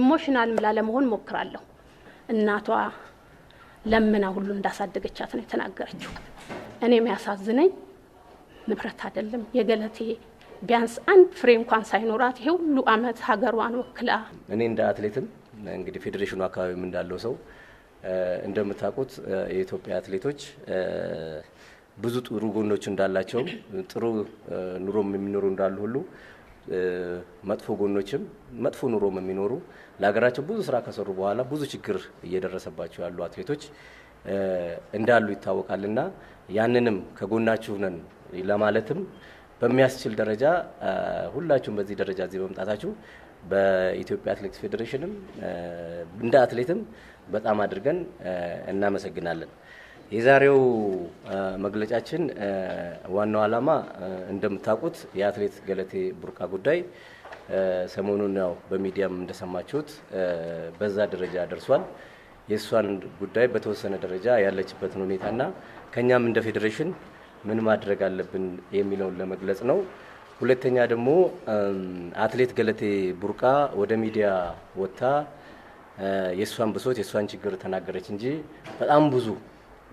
ኢሞሽናል ላለመሆን ሞክራለሁ። እናቷ ለምና ሁሉ እንዳሳደገቻት ነው የተናገረችው። እኔ የሚያሳዝነኝ ንብረት አይደለም የገለቴ ቢያንስ አንድ ፍሬ እንኳን ሳይኖራት ይሄ ሁሉ አመት ሀገሯን ወክላ እኔ እንደ አትሌትም እንግዲህ ፌዴሬሽኑ አካባቢም እንዳለው ሰው እንደምታውቁት የኢትዮጵያ አትሌቶች ብዙ ጥሩ ጎኖች እንዳላቸው ጥሩ ኑሮም የሚኖሩ እንዳሉ ሁሉ መጥፎ ጎኖችም መጥፎ ኑሮም የሚኖሩ ለሀገራቸው ብዙ ስራ ከሰሩ በኋላ ብዙ ችግር እየደረሰባቸው ያሉ አትሌቶች እንዳሉ ይታወቃልና ያንንም ከጎናችሁ ነን ለማለትም በሚያስችል ደረጃ ሁላችሁም በዚህ ደረጃ እዚህ በመምጣታችሁ በኢትዮጵያ አትሌቲክስ ፌዴሬሽንም እንደ አትሌትም በጣም አድርገን እናመሰግናለን። የዛሬው መግለጫችን ዋናው ዓላማ እንደምታውቁት የአትሌት ገለቴ ቡርቃ ጉዳይ ሰሞኑን ያው በሚዲያም እንደሰማችሁት በዛ ደረጃ ደርሷል። የእሷን ጉዳይ በተወሰነ ደረጃ ያለችበትን ሁኔታና ከእኛም እንደ ፌዴሬሽን ምን ማድረግ አለብን የሚለውን ለመግለጽ ነው። ሁለተኛ ደግሞ አትሌት ገለቴ ቡርቃ ወደ ሚዲያ ወጥታ የእሷን ብሶት የእሷን ችግር ተናገረች እንጂ በጣም ብዙ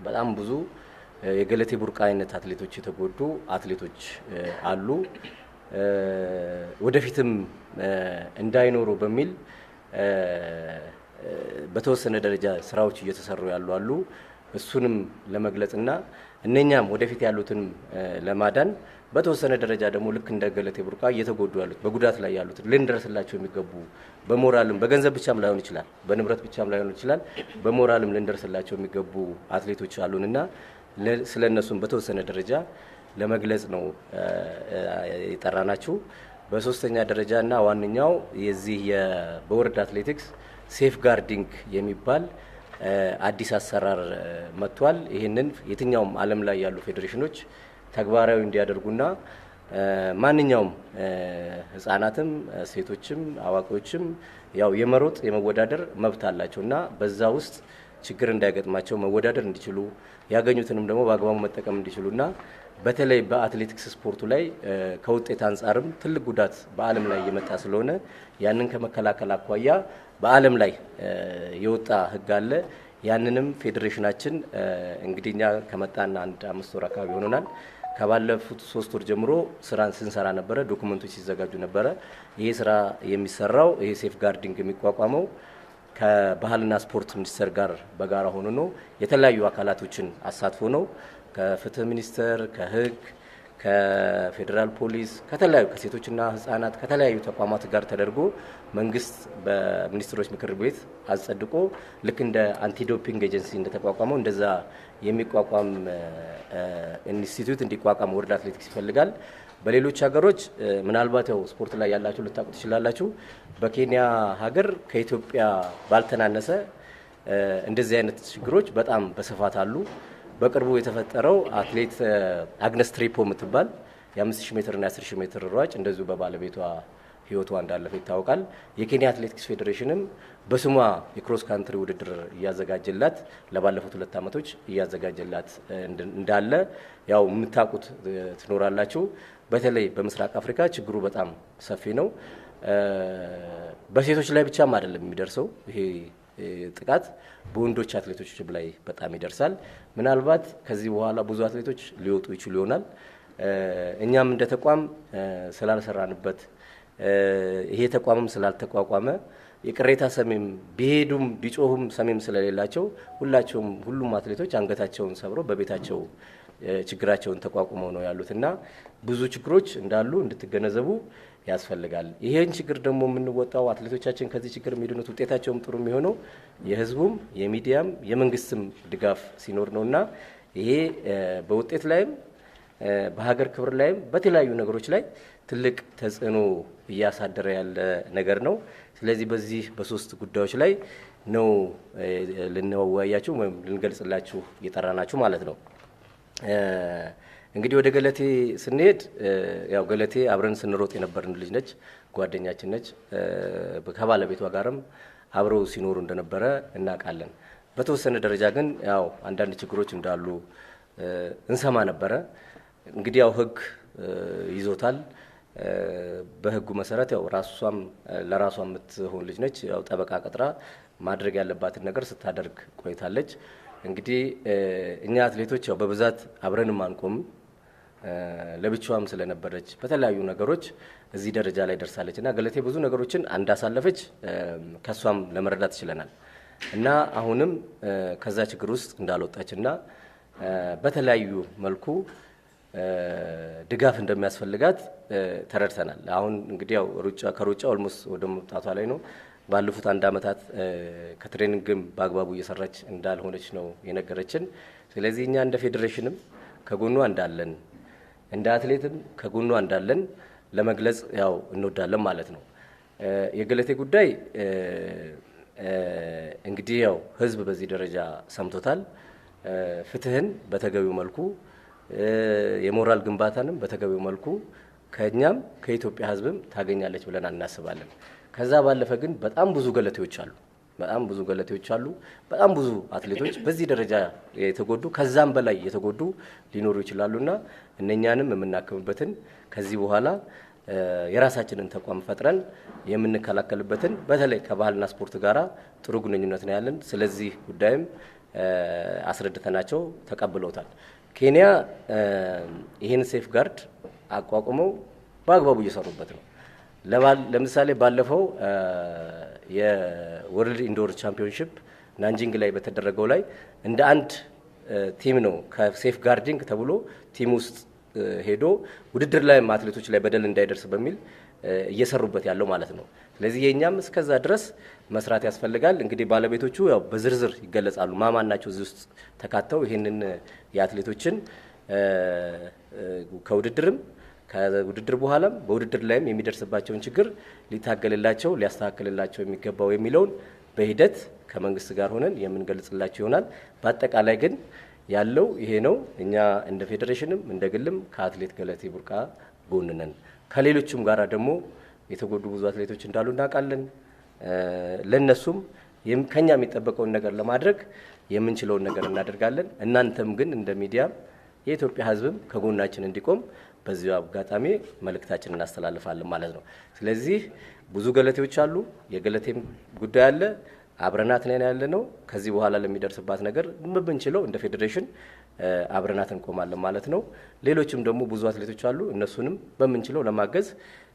በጣም ብዙ የገለቴ ቡርቃ አይነት አትሌቶች የተጎዱ አትሌቶች አሉ። ወደፊትም እንዳይኖሩ በሚል በተወሰነ ደረጃ ስራዎች እየተሰሩ ያሉ አሉ። እሱንም ለመግለጽና እነኛም ወደፊት ያሉትን ለማዳን በተወሰነ ደረጃ ደግሞ ልክ እንደ ገለቴ ቡርቃ እየተጎዱ ያሉት በጉዳት ላይ ያሉት ልንደርስላቸው የሚገቡ በሞራልም በገንዘብ ብቻም ላይሆን ይችላል፣ በንብረት ብቻም ላይሆን ይችላል፣ በሞራልም ልንደርስላቸው የሚገቡ አትሌቶች አሉንና ስለ እነሱም በተወሰነ ደረጃ ለመግለጽ ነው የጠራናችሁ። በሶስተኛ ደረጃ እና ዋነኛው የዚህ በወርልድ አትሌቲክስ ሴፍ ጋርዲንግ የሚባል አዲስ አሰራር መጥቷል። ይህንን የትኛውም ዓለም ላይ ያሉ ፌዴሬሽኖች ተግባራዊ እንዲያደርጉና ማንኛውም ህጻናትም ሴቶችም አዋቂዎችም ያው የመሮጥ የመወዳደር መብት አላቸው እና በዛ ውስጥ ችግር እንዳይገጥማቸው መወዳደር እንዲችሉ ያገኙትንም ደግሞ በአግባቡ መጠቀም እንዲችሉና በተለይ በአትሌቲክስ ስፖርቱ ላይ ከውጤት አንጻርም ትልቅ ጉዳት በዓለም ላይ እየመጣ ስለሆነ ያንን ከመከላከል አኳያ በዓለም ላይ የወጣ ሕግ አለ። ያንንም ፌዴሬሽናችን እንግዲህ እኛ ከመጣን አንድ አምስት ወር አካባቢ ሆኖናል። ከባለፉት ሶስት ወር ጀምሮ ስራን ስንሰራ ነበረ፣ ዶኩመንቶች ሲዘጋጁ ነበረ። ይሄ ስራ የሚሰራው ይሄ ሴፍ ጋርዲንግ የሚቋቋመው ከባህልና ስፖርት ሚኒስቴር ጋር በጋራ ሆኖ ነው። የተለያዩ አካላቶችን አሳትፎ ነው። ከፍትህ ሚኒስቴር፣ ከህግ፣ ከፌዴራል ፖሊስ፣ ከተለያዩ ከሴቶችና ህጻናት ከተለያዩ ተቋማት ጋር ተደርጎ መንግስት በሚኒስትሮች ምክር ቤት አጸድቆ ልክ እንደ አንቲዶፒንግ ኤጀንሲ እንደተቋቋመው እንደዛ የሚቋቋም ኢንስቲትዩት እንዲቋቋም ወርልድ አትሌቲክስ ይፈልጋል። በሌሎች ሀገሮች ምናልባት ያው ስፖርት ላይ ያላችሁ ልታውቁ ትችላላችሁ። በኬንያ ሀገር ከኢትዮጵያ ባልተናነሰ እንደዚህ አይነት ችግሮች በጣም በስፋት አሉ። በቅርቡ የተፈጠረው አትሌት አግነስ ትሪፖ የምትባል የ5000 ሜትር እና የ10000 ሜትር ሯጭ እንደዚሁ በባለቤቷ ህይወቷ እንዳለፈ ይታወቃል። የኬንያ አትሌቲክስ ፌዴሬሽንም በስሟ የክሮስ ካንትሪ ውድድር እያዘጋጀላት ለባለፉት ሁለት ዓመቶች እያዘጋጀላት እንዳለ ያው የምታውቁት ትኖራላችሁ። በተለይ በምስራቅ አፍሪካ ችግሩ በጣም ሰፊ ነው። በሴቶች ላይ ብቻም አይደለም የሚደርሰው ይሄ ጥቃት በወንዶች አትሌቶች ላይ በጣም ይደርሳል። ምናልባት ከዚህ በኋላ ብዙ አትሌቶች ሊወጡ ይችሉ ይሆናል። እኛም እንደ ተቋም ስላልሰራንበት ይሄ ተቋምም ስላልተቋቋመ የቅሬታ ሰሜም ቢሄዱም ቢጮሁም ሰሜም ስለሌላቸው ሁላቸውም ሁሉም አትሌቶች አንገታቸውን ሰብረው በቤታቸው ችግራቸውን ተቋቁመው ነው ያሉት እና ብዙ ችግሮች እንዳሉ እንድትገነዘቡ ያስፈልጋል። ይህን ችግር ደግሞ የምንወጣው አትሌቶቻችን ከዚህ ችግር የሚድኑት ውጤታቸውም ጥሩ የሚሆነው የህዝቡም የሚዲያም የመንግስትም ድጋፍ ሲኖር ነው እና ይሄ በውጤት ላይም በሀገር ክብር ላይም በተለያዩ ነገሮች ላይ ትልቅ ተጽዕኖ እያሳደረ ያለ ነገር ነው። ስለዚህ በዚህ በሶስት ጉዳዮች ላይ ነው ልንወያያችሁ ወይም ልንገልጽላችሁ እየጠራናችሁ ማለት ነው። እንግዲህ ወደ ገለቴ ስንሄድ ያው ገለቴ አብረን ስንሮጥ የነበርን ልጅ ነች፣ ጓደኛችን ነች። ከባለቤቷ ጋርም አብረው ሲኖሩ እንደነበረ እናውቃለን። በተወሰነ ደረጃ ግን ያው አንዳንድ ችግሮች እንዳሉ እንሰማ ነበረ። እንግዲህ ያው ህግ ይዞታል። በህጉ መሰረት ያው ራሷም ለራሷ የምትሆን ልጅ ነች። ያው ጠበቃ ቀጥራ ማድረግ ያለባትን ነገር ስታደርግ ቆይታለች። እንግዲህ እኛ አትሌቶች ያው በብዛት አብረንም ማንቆም? ለብቻዋም ስለነበረች በተለያዩ ነገሮች እዚህ ደረጃ ላይ ደርሳለች እና ገለቴ ብዙ ነገሮችን እንዳሳለፈች ከእሷም ለመረዳት ችለናል እና አሁንም ከዛ ችግር ውስጥ እንዳልወጣች እና በተለያዩ መልኩ ድጋፍ እንደሚያስፈልጋት ተረድተናል። አሁን እንግዲህ ያው ሩጫ ከሩጫ ኦልሞስ ወደ መውጣቷ ላይ ነው። ባለፉት አንድ ዓመታት ከትሬኒንግም በአግባቡ እየሰራች እንዳልሆነች ነው የነገረችን። ስለዚህ እኛ እንደ ፌዴሬሽንም ከጎኗ እንዳለን እንደ አትሌትም ከጎኗ እንዳለን ለመግለጽ ያው እንወዳለን ማለት ነው። የገለቴ ጉዳይ እንግዲህ ያው ህዝብ በዚህ ደረጃ ሰምቶታል። ፍትህን በተገቢው መልኩ የሞራል ግንባታንም በተገቢው መልኩ ከእኛም ከኢትዮጵያ ህዝብም ታገኛለች ብለን እናስባለን። ከዛ ባለፈ ግን በጣም ብዙ ገለቴዎች አሉ። በጣም ብዙ ገለቴዎች አሉ። በጣም ብዙ አትሌቶች በዚህ ደረጃ የተጎዱ ከዛም በላይ የተጎዱ ሊኖሩ ይችላሉና እነኛንም የምናክምበትን ከዚህ በኋላ የራሳችንን ተቋም ፈጥረን የምንከላከልበትን በተለይ ከባህልና ስፖርት ጋር ጥሩ ግንኙነት ነው ያለን። ስለዚህ ጉዳይም አስረድተናቸው ተቀብለውታል። ኬንያ ይህን ሴፍ ጋርድ አቋቁመው በአግባቡ እየሰሩበት ነው። ለምሳሌ ባለፈው የወርልድ ኢንዶር ቻምፒዮንሽፕ ናንጂንግ ላይ በተደረገው ላይ እንደ አንድ ቲም ነው ከሴፍ ጋርዲንግ ተብሎ ቲም ውስጥ ሄዶ ውድድር ላይም አትሌቶች ላይ በደል እንዳይደርስ በሚል እየሰሩበት ያለው ማለት ነው። ስለዚህ የእኛም እስከዛ ድረስ መስራት ያስፈልጋል። እንግዲህ ባለቤቶቹ ያው በዝርዝር ይገለጻሉ። ማማን ናቸው እዚህ ውስጥ ተካተው ይህንን የአትሌቶችን ከውድድርም ከውድድር በኋላም በውድድር ላይም የሚደርስባቸውን ችግር ሊታገልላቸው ሊያስተካክልላቸው የሚገባው የሚለውን በሂደት ከመንግስት ጋር ሆነን የምንገልጽላቸው ይሆናል። በአጠቃላይ ግን ያለው ይሄ ነው። እኛ እንደ ፌዴሬሽንም እንደ ግልም ከአትሌት ገለቴ ቡርቃ ጎን ነን። ከሌሎቹም ጋር ደግሞ የተጎዱ ብዙ አትሌቶች እንዳሉ እናውቃለን። ለነሱም ከኛ የሚጠበቀውን ነገር ለማድረግ የምንችለውን ነገር እናደርጋለን። እናንተም ግን እንደ ሚዲያ የኢትዮጵያ ሕዝብም ከጎናችን እንዲቆም በዚሁ አጋጣሚ መልእክታችን እናስተላልፋለን ማለት ነው። ስለዚህ ብዙ ገለቴዎች አሉ። የገለቴም ጉዳይ አለ። አብረናት ነን ያለ ነው። ከዚህ በኋላ ለሚደርስባት ነገር ምብንችለው እንደ ፌዴሬሽን አብረናት እንቆማለን ማለት ነው። ሌሎችም ደግሞ ብዙ አትሌቶች አሉ። እነሱንም በምንችለው ለማገዝ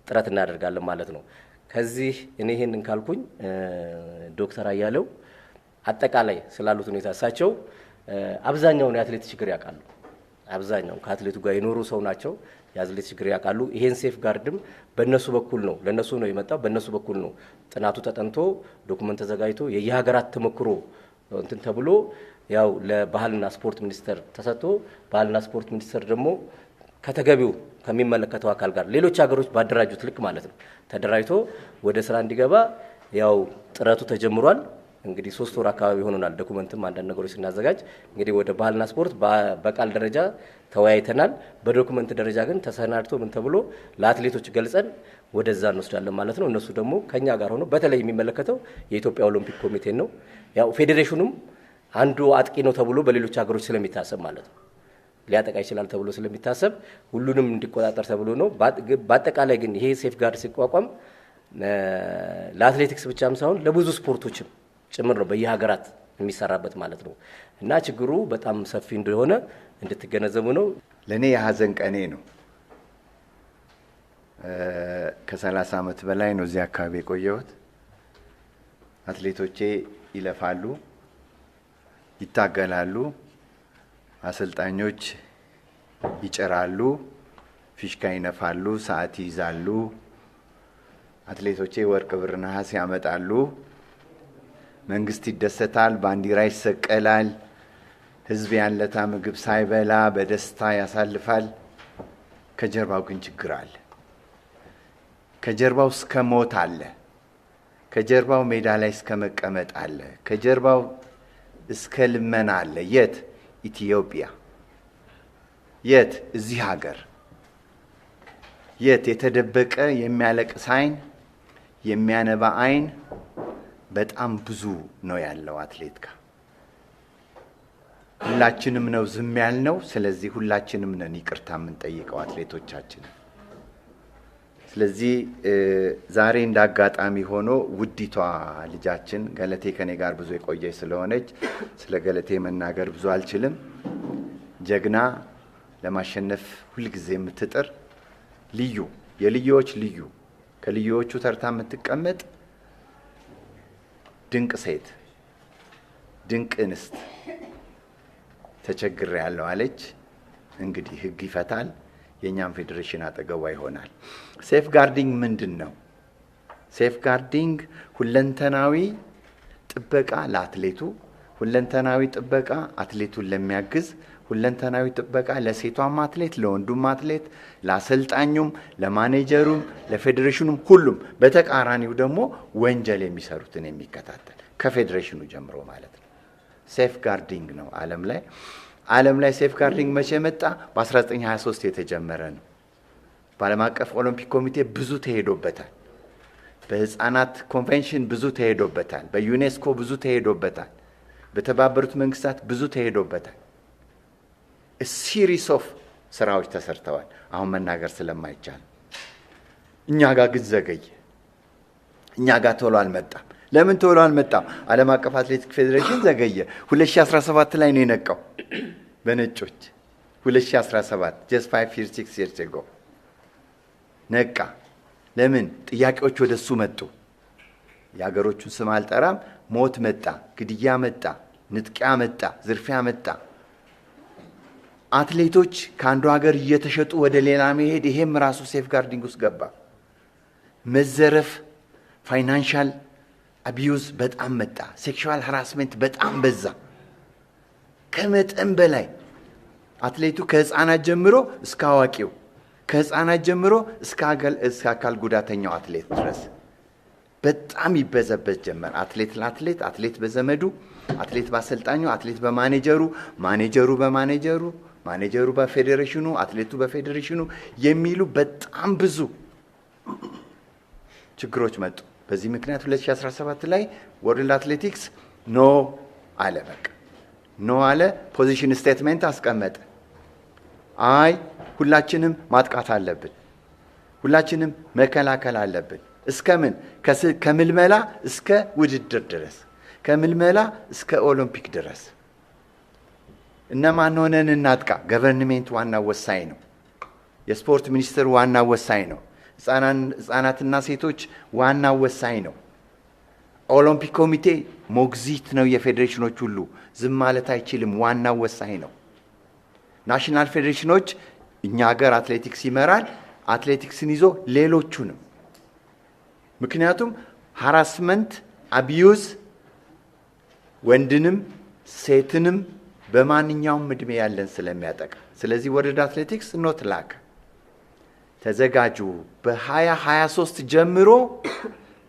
ጥረት እናደርጋለን ማለት ነው። ከዚህ እኔ ይሄንን ካልኩኝ ዶክተር አያሌው አጠቃላይ ስላሉት ሁኔታ እሳቸው አብዛኛውን የአትሌት ችግር ያውቃሉ። አብዛኛው ከአትሌቱ ጋር የኖሩ ሰው ናቸው። የአትሌት ችግር ያውቃሉ። ይሄን ሴፍ ጋርድም በእነሱ በኩል ነው ለእነሱ ነው የመጣው። በእነሱ በኩል ነው ጥናቱ ተጠንቶ ዶኩመንት ተዘጋጅቶ የየሀገራት ተሞክሮ እንትን ተብሎ ያው ለባህልና ስፖርት ሚኒስቴር ተሰጥቶ ባህልና ስፖርት ሚኒስቴር ደግሞ ከተገቢው ከሚመለከተው አካል ጋር ሌሎች ሀገሮች ባደራጁት ልክ ማለት ነው ተደራጅቶ ወደ ስራ እንዲገባ ያው ጥረቱ ተጀምሯል። እንግዲህ ሶስት ወር አካባቢ ሆኖናል። ዶኩመንትም አንዳንድ ነገሮች ስናዘጋጅ እንግዲህ ወደ ባህልና ስፖርት በቃል ደረጃ ተወያይተናል። በዶኩመንት ደረጃ ግን ተሰናድቶ ምን ተብሎ ለአትሌቶች ገልጸን ወደዛ እንወስዳለን ማለት ነው። እነሱ ደግሞ ከኛ ጋር ሆኖ በተለይ የሚመለከተው የኢትዮጵያ ኦሎምፒክ ኮሚቴን ነው። ያው ፌዴሬሽኑም አንዱ አጥቂ ነው ተብሎ በሌሎች ሀገሮች ስለሚታሰብ ማለት ነው ሊያጠቃ ይችላል ተብሎ ስለሚታሰብ ሁሉንም እንዲቆጣጠር ተብሎ ነው። በአጠቃላይ ግን ይሄ ሴፍ ጋርድ ሲቋቋም ለአትሌቲክስ ብቻም ሳይሆን ለብዙ ስፖርቶችም ጭምር ነው በየሀገራት የሚሰራበት ማለት ነው። እና ችግሩ በጣም ሰፊ እንደሆነ እንድትገነዘቡ ነው። ለእኔ የሀዘን ቀኔ ነው። ከሰላሳ ዓመት በላይ ነው እዚህ አካባቢ የቆየሁት። አትሌቶቼ ይለፋሉ፣ ይታገላሉ፣ አሰልጣኞች ይጭራሉ፣ ፊሽካ ይነፋሉ፣ ሰዓት ይይዛሉ። አትሌቶቼ ወርቅ፣ ብር፣ ነሐስ ያመጣሉ። መንግስት ይደሰታል፣ ባንዲራ ይሰቀላል፣ ህዝብ ያለታ ምግብ ሳይበላ በደስታ ያሳልፋል። ከጀርባው ግን ችግር አለ። ከጀርባው እስከ ሞት አለ። ከጀርባው ሜዳ ላይ እስከ መቀመጥ አለ። ከጀርባው እስከ ልመና አለ። የት? ኢትዮጵያ። የት? እዚህ ሀገር። የት? የተደበቀ የሚያለቅስ አይን፣ የሚያነባ አይን በጣም ብዙ ነው ያለው አትሌት ጋር። ሁላችንም ነው ዝም ያልነው። ስለዚህ ሁላችንም ነን ይቅርታ የምንጠይቀው አትሌቶቻችን። ስለዚህ ዛሬ እንደ አጋጣሚ ሆኖ ውዲቷ ልጃችን ገለቴ ከኔ ጋር ብዙ የቆየች ስለሆነች ስለ ገለቴ መናገር ብዙ አልችልም። ጀግና፣ ለማሸነፍ ሁልጊዜ የምትጥር ልዩ፣ የልዩዎች ልዩ፣ ከልዩዎቹ ተርታ የምትቀመጥ ድንቅ ሴት፣ ድንቅ እንስት ተቸግሬ ያለው አለች። እንግዲህ ህግ ይፈታል። የእኛም ፌዴሬሽን አጠገቧ ይሆናል። ሴፍ ጋርዲንግ ምንድን ነው? ሴፍ ጋርዲንግ ሁለንተናዊ ጥበቃ ለአትሌቱ፣ ሁለንተናዊ ጥበቃ አትሌቱን ለሚያግዝ ሁለንተናዊ ጥበቃ ለሴቷም አትሌት፣ ለወንዱም አትሌት፣ ለአሰልጣኙም፣ ለማኔጀሩም፣ ለፌዴሬሽኑም ሁሉም። በተቃራኒው ደግሞ ወንጀል የሚሰሩትን የሚከታተል ከፌዴሬሽኑ ጀምሮ ማለት ነው። ሴፍ ጋርዲንግ ነው ዓለም ላይ ዓለም ላይ ሴፍ ጋርዲንግ መቼ መጣ? በ1923 የተጀመረ ነው። በዓለም አቀፍ ኦሎምፒክ ኮሚቴ ብዙ ተሄዶበታል። በህፃናት ኮንቬንሽን ብዙ ተሄዶበታል። በዩኔስኮ ብዙ ተሄዶበታል። በተባበሩት መንግስታት ብዙ ተሄዶበታል። ሲሪስ ኦፍ ስራዎች ተሰርተዋል። አሁን መናገር ስለማይቻል እኛ ጋር ግን ዘገየ። እኛ ጋር ቶሎ አልመጣም። ለምን ቶሎ አልመጣም? ዓለም አቀፍ አትሌቲክ ፌዴሬሽን ዘገየ። 2017 ላይ ነው የነቃው በነጮች 2017 ጀስ 5 ፊር 6 ይርስ ጎ ነቃ። ለምን ጥያቄዎች ወደ እሱ መጡ። የሀገሮቹን ስም አልጠራም። ሞት መጣ፣ ግድያ መጣ፣ ንጥቂያ መጣ፣ ዝርፊያ መጣ። አትሌቶች ከአንዱ ሀገር እየተሸጡ ወደ ሌላ መሄድ፣ ይሄም ራሱ ሴፍ ጋርዲንግ ውስጥ ገባ። መዘረፍ፣ ፋይናንሻል አቢዩዝ በጣም መጣ። ሴክሹዋል ሃራስሜንት በጣም በዛ ከመጠን በላይ አትሌቱ ከህፃናት ጀምሮ እስከ አዋቂው ከህፃናት ጀምሮ እስከ አካል ጉዳተኛው አትሌት ድረስ በጣም ይበዘበዝ ጀመር። አትሌት ለአትሌት፣ አትሌት በዘመዱ፣ አትሌት በአሰልጣኙ፣ አትሌት በማኔጀሩ፣ ማኔጀሩ በማኔጀሩ ማኔጀሩ በፌዴሬሽኑ፣ አትሌቱ በፌዴሬሽኑ የሚሉ በጣም ብዙ ችግሮች መጡ። በዚህ ምክንያት 2017 ላይ ወርልድ አትሌቲክስ ኖ አለ። በቃ ኖ አለ። ፖዚሽን ስቴትመንት አስቀመጠ። አይ ሁላችንም ማጥቃት አለብን፣ ሁላችንም መከላከል አለብን። እስከምን ከምልመላ እስከ ውድድር ድረስ ከምልመላ እስከ ኦሎምፒክ ድረስ እነማን ሆነን እናጥቃ? ገቨርንሜንት ዋና ወሳኝ ነው። የስፖርት ሚኒስትር ዋና ወሳኝ ነው። ህጻናትና ሴቶች ዋና ወሳኝ ነው። ኦሎምፒክ ኮሚቴ ሞግዚት ነው። የፌዴሬሽኖች ሁሉ ዝም ማለት አይችልም። ዋና ወሳኝ ነው። ናሽናል ፌዴሬሽኖች እኛ ሀገር አትሌቲክስ ይመራል። አትሌቲክስን ይዞ ሌሎቹንም ምክንያቱም ሃራስመንት አቢዩዝ ወንድንም ሴትንም በማንኛውም እድሜ ያለን ስለሚያጠቃ፣ ስለዚህ ወርልድ አትሌቲክስ ኖት ላክ ተዘጋጁ። በ2023 ጀምሮ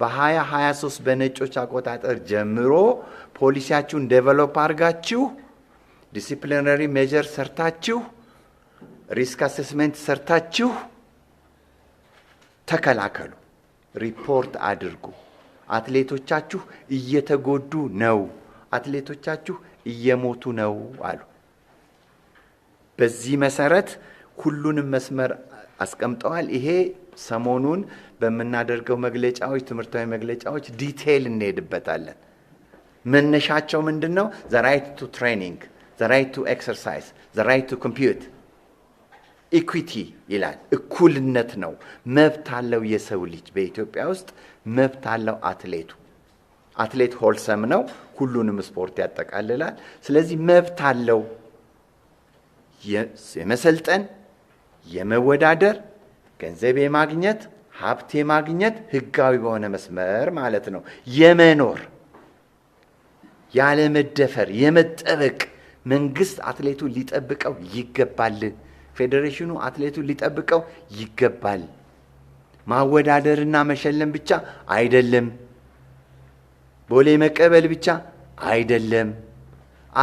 በ2023 በነጮች አቆጣጠር ጀምሮ ፖሊሲያችሁን ዴቨሎፕ አድርጋችሁ ዲሲፕሊነሪ ሜጀር ሰርታችሁ ሪስክ አሴስመንት ሰርታችሁ ተከላከሉ፣ ሪፖርት አድርጉ። አትሌቶቻችሁ እየተጎዱ ነው። አትሌቶቻችሁ እየሞቱ ነው አሉ። በዚህ መሰረት ሁሉንም መስመር አስቀምጠዋል። ይሄ ሰሞኑን በምናደርገው መግለጫዎች፣ ትምህርታዊ መግለጫዎች ዲቴይል እንሄድበታለን። መነሻቸው ምንድን ነው? ዘራይት ቱ ትሬኒንግ፣ ዘራይት ቱ ኤክሰርሳይዝ፣ ዘራይት ቱ ኮምፒዩት ኢኩዊቲ ይላል። እኩልነት ነው። መብት አለው የሰው ልጅ በኢትዮጵያ ውስጥ መብት አለው አትሌቱ አትሌት ሆልሰም ነው። ሁሉንም ስፖርት ያጠቃልላል። ስለዚህ መብት አለው የመሰልጠን፣ የመወዳደር፣ ገንዘብ የማግኘት፣ ሀብት የማግኘት ህጋዊ በሆነ መስመር ማለት ነው። የመኖር ያለመደፈር፣ የመጠበቅ መንግስት አትሌቱ ሊጠብቀው ይገባል። ፌዴሬሽኑ አትሌቱ ሊጠብቀው ይገባል። ማወዳደርና መሸለም ብቻ አይደለም። ቦሌ መቀበል ብቻ አይደለም፣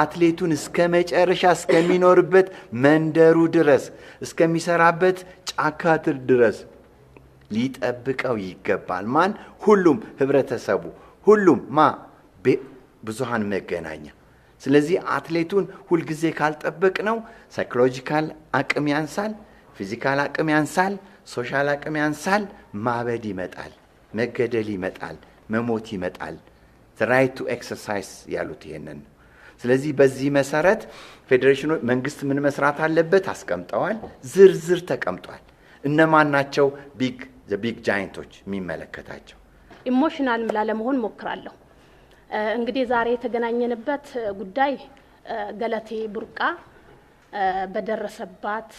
አትሌቱን እስከ መጨረሻ እስከሚኖርበት መንደሩ ድረስ እስከሚሰራበት ጫካትር ድረስ ሊጠብቀው ይገባል። ማን? ሁሉም ህብረተሰቡ፣ ሁሉም ማ ብዙሃን መገናኛ። ስለዚህ አትሌቱን ሁልጊዜ ካልጠበቅ ነው ሳይኮሎጂካል አቅም ያንሳል፣ ፊዚካል አቅም ያንሳል፣ ሶሻል አቅም ያንሳል። ማበድ ይመጣል፣ መገደል ይመጣል፣ መሞት ይመጣል። ራይት ቱ ኤክሰርሳይዝ ያሉት ይሄንን ነው። ስለዚህ በዚህ መሰረት ፌዴሬሽኑ መንግስት ምን መስራት አለበት አስቀምጠዋል። ዝርዝር ተቀምጧል። እነማን ናቸው ቢግ ቢግ ጃይንቶች የሚመለከታቸው። ኢሞሽናል ላለመሆን ሞክራለሁ። እንግዲህ ዛሬ የተገናኘንበት ጉዳይ ገለቴ ቡርቃ በደረሰባት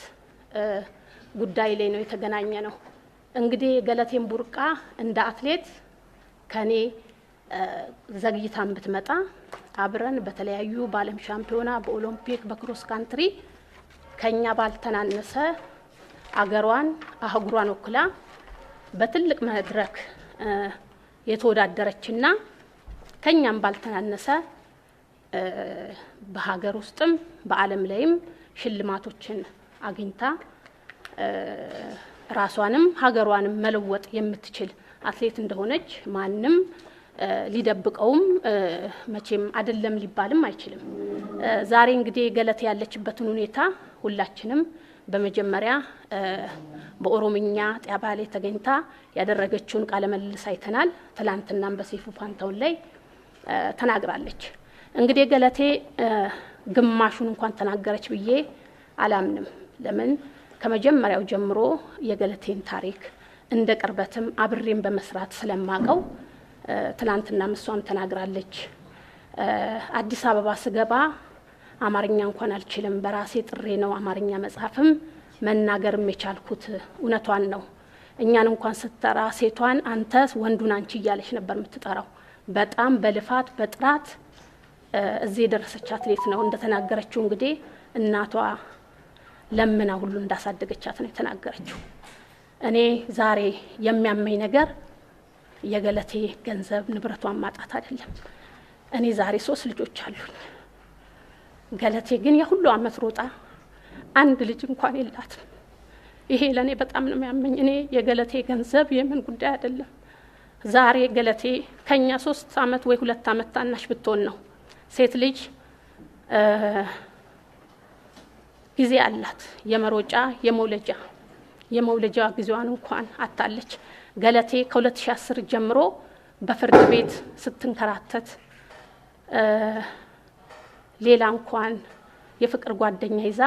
ጉዳይ ላይ ነው የተገናኘ ነው። እንግዲህ ገለቴን ቡርቃ እንደ አትሌት ከኔ ዘግይታን ብትመጣ አብረን በተለያዩ በዓለም ሻምፒዮና በኦሎምፒክ በክሮስ ካንትሪ ከኛ ባልተናነሰ አገሯን አህጉሯን ወክላ በትልቅ መድረክ የተወዳደረችና ከኛም ባልተናነሰ በሀገር ውስጥም በዓለም ላይም ሽልማቶችን አግኝታ ራሷንም ሀገሯንም መለወጥ የምትችል አትሌት እንደሆነች ማንም ሊደብቀውም መቼም አይደለም ሊባልም አይችልም። ዛሬ እንግዲህ ገለቴ ያለችበትን ሁኔታ ሁላችንም በመጀመሪያ በኦሮምኛ ጤያ ባሌ ተገኝታ ያደረገችውን ቃለ አይተናል። ትላንትናም በሴፉ ፋንታውን ላይ ተናግራለች። እንግዲህ ገለቴ ግማሹን እንኳን ተናገረች ብዬ አላምንም። ለምን ከመጀመሪያው ጀምሮ የገለቴን ታሪክ እንደ ቅርበትም አብሬን በመስራት ስለማቀው ትላንትና ምሷም ተናግራለች። አዲስ አበባ ስገባ አማርኛ እንኳን አልችልም፣ በራሴ ጥሬ ነው አማርኛ መጽሐፍም መናገርም የቻልኩት። እውነቷን ነው። እኛን እንኳን ስትጠራ ሴቷን አንተ ወንዱን አንቺ እያለች ነበር የምትጠራው። በጣም በልፋት በጥራት እዚህ የደረሰች አትሌት ነው። እንደተናገረችው እንግዲህ እናቷ ለምና ሁሉ እንዳሳደገቻት ነው የተናገረችው። እኔ ዛሬ የሚያመኝ ነገር የገለቴ ገንዘብ ንብረቷን ማጣት አይደለም። እኔ ዛሬ ሶስት ልጆች አሉኝ። ገለቴ ግን የሁሉ አመት ሮጣ አንድ ልጅ እንኳን የላትም። ይሄ ለእኔ በጣም ነው የሚያመኝ። እኔ የገለቴ ገንዘብ የምን ጉዳይ አይደለም። ዛሬ ገለቴ ከኛ ሶስት አመት ወይ ሁለት አመት ታናሽ ብትሆን ነው ሴት ልጅ ጊዜ አላት የመሮጫ የመውለጃ የመውለጃ ጊዜዋን እንኳን አታለች። ገለቴ ከ2010 ጀምሮ በፍርድ ቤት ስትንከራተት ሌላ እንኳን የፍቅር ጓደኛ ይዛ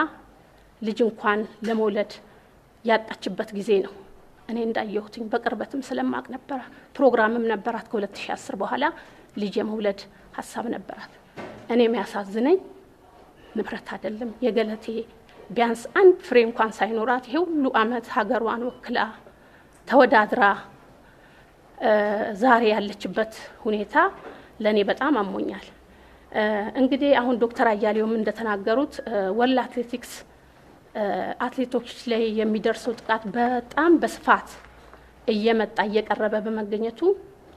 ልጅ እንኳን ለመውለድ ያጣችበት ጊዜ ነው። እኔ እንዳየሁትኝ በቅርበትም ስለማቅ ነበረ። ፕሮግራምም ነበራት። ከ2010 በኋላ ልጅ የመውለድ ሀሳብ ነበራት። እኔ የሚያሳዝነኝ ንብረት አይደለም የገለቴ ቢያንስ አንድ ፍሬ እንኳን ሳይኖራት ይሄ ሁሉ አመት ሀገሯን ወክላ ተወዳድራ ዛሬ ያለችበት ሁኔታ ለእኔ በጣም አሞኛል። እንግዲህ አሁን ዶክተር አያሌውም እንደተናገሩት ወል አትሌቲክስ አትሌቶች ላይ የሚደርሰው ጥቃት በጣም በስፋት እየመጣ እየቀረበ በመገኘቱ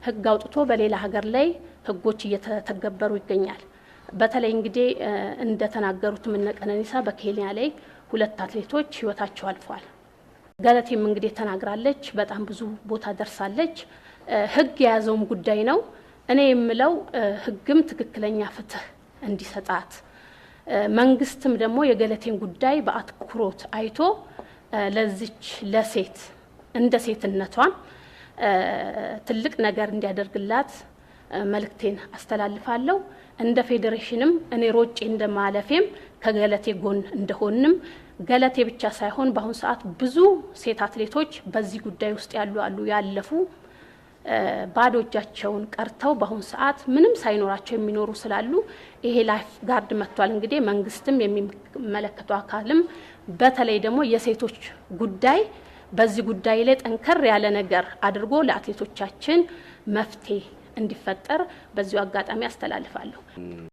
ህግ አውጥቶ በሌላ ሀገር ላይ ህጎች እየተተገበሩ ይገኛል። በተለይ እንግዲህ እንደተናገሩት እነ ቀነኒሳ በኬንያ ላይ ሁለት አትሌቶች ህይወታቸው አልፏል። ገለቴም እንግዲህ ተናግራለች። በጣም ብዙ ቦታ ደርሳለች። ህግ የያዘውም ጉዳይ ነው። እኔ የምለው ህግም ትክክለኛ ፍትህ እንዲሰጣት መንግስትም ደግሞ የገለቴን ጉዳይ በአትኩሮት አይቶ ለዚች ለሴት እንደ ሴትነቷን ትልቅ ነገር እንዲያደርግላት መልእክቴን አስተላልፋለሁ። እንደ ፌዴሬሽንም እኔ ሮጬ እንደማለፌም ከገለቴ ጎን እንደሆንም ገለቴ ብቻ ሳይሆን በአሁኑ ሰዓት ብዙ ሴት አትሌቶች በዚህ ጉዳይ ውስጥ ያሉ አሉ ያለፉ ባዶ እጃቸውን ቀርተው በአሁኑ ሰዓት ምንም ሳይኖራቸው የሚኖሩ ስላሉ ይሄ ላይፍ ጋርድ መጥቷል። እንግዲህ መንግስትም የሚመለከተው አካልም በተለይ ደግሞ የሴቶች ጉዳይ በዚህ ጉዳይ ላይ ጠንከር ያለ ነገር አድርጎ ለአትሌቶቻችን መፍትሄ እንዲፈጠር በዚሁ አጋጣሚ አስተላልፋለሁ።